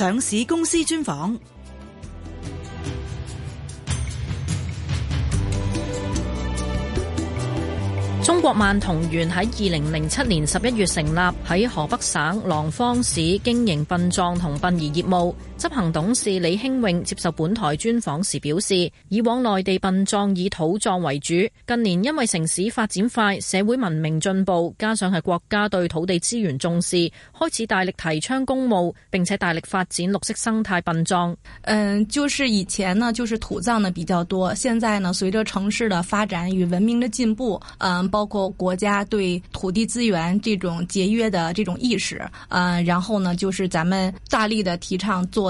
上市公司專訪：中國萬桐園喺二零零七年十一月成立，喺河北省廊坊市經營殯葬同殯儀業務。執行董事李興穎接受本台專訪時表示：以往內地殯葬以土葬為主，近年因為城市發展快、社會文明進步，加上係國家對土地資源重視，開始大力提倡公墓，並且大力發展綠色生態殯葬。嗯，就是以前呢，就是土葬呢比較多，現在呢，隨著城市的發展與文明的進步，嗯，包括國家對土地資源這種節約的這種意識，嗯，然後呢，就是咱們大力的提倡做。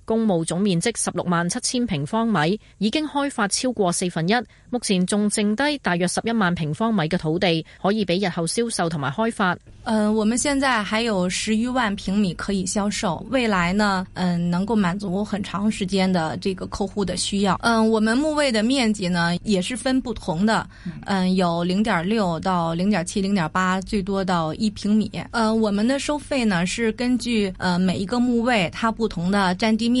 公墓總面積十六萬七千平方米，已經開發超過四分一，目前仲剩低大約十一萬平方米嘅土地可以俾日後銷售同埋開發。嗯、呃，我們現在還有十餘萬平米可以銷售，未來呢，嗯、呃，能夠滿足很長時間的這個客戶的需要。嗯、呃，我們墓位的面積呢，也是分不同的，嗯、呃，有零點六到零點七、零點八，最多到一平米。嗯、呃，我們的收費呢，是根據呃每一個墓位它不同的佔地面積。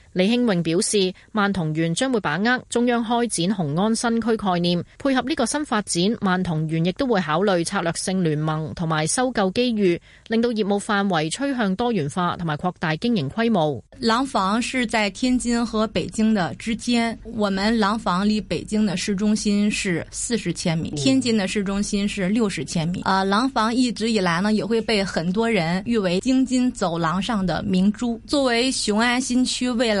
李興穎表示，萬桐園將會把握中央開展雄安新區概念，配合呢個新發展，萬桐園亦都會考慮策略性聯盟同埋收購機遇，令到業務範圍趨向多元化同埋擴大經營規模。廊坊是在天津和北京的之間，我們廊坊離北京的市中心是四十千米，天津的市中心是六十千米。啊，廊坊一直以來呢，也會被很多人譽為京津走廊上的明珠，作為雄安新區未來。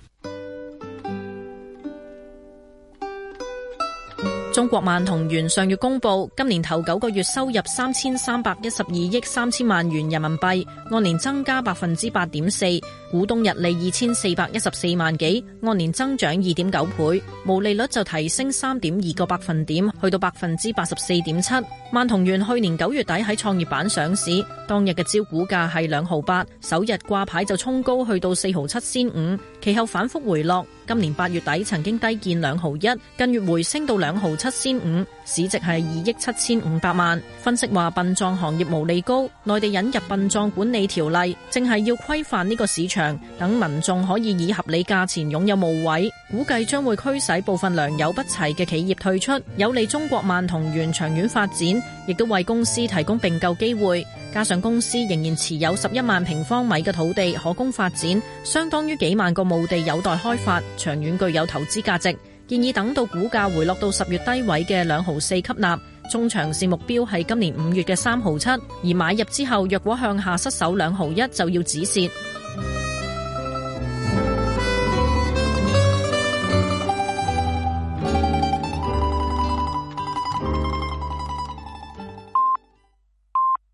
中國萬桐園上月公布，今年頭九個月收入三千三百一十二億三千萬元人民幣，按年增加百分之八點四，股東溢利二千四百一十四萬幾，按年增長二點九倍，毛利率就提升三點二個百分點，去到百分之八十四點七。萬桐園去年九月底喺創業板上市，當日嘅招股價係兩毫八，首日掛牌就衝高去到四毫七仙五，其後反覆回落。今年八月底曾經低見兩毫一，近月回升到兩毫七仙五，市值係二億七千五百萬。分析話，殯葬行業毛利高，內地引入殯葬管理條例，正係要規範呢個市場，等民眾可以以合理價錢擁有墓位。估計將會驅使部分良莠不齊嘅企業退出，有利中國萬桐園長遠發展，亦都為公司提供併購機會。加上公司仍然持有十一萬平方米嘅土地可供發展，相當於幾萬個墓地有待開發，長遠具有投資價值。建議等到股價回落到十月低位嘅兩毫四吸納，中長線目標係今年五月嘅三毫七，而買入之後若果向下失守兩毫一就要止蝕。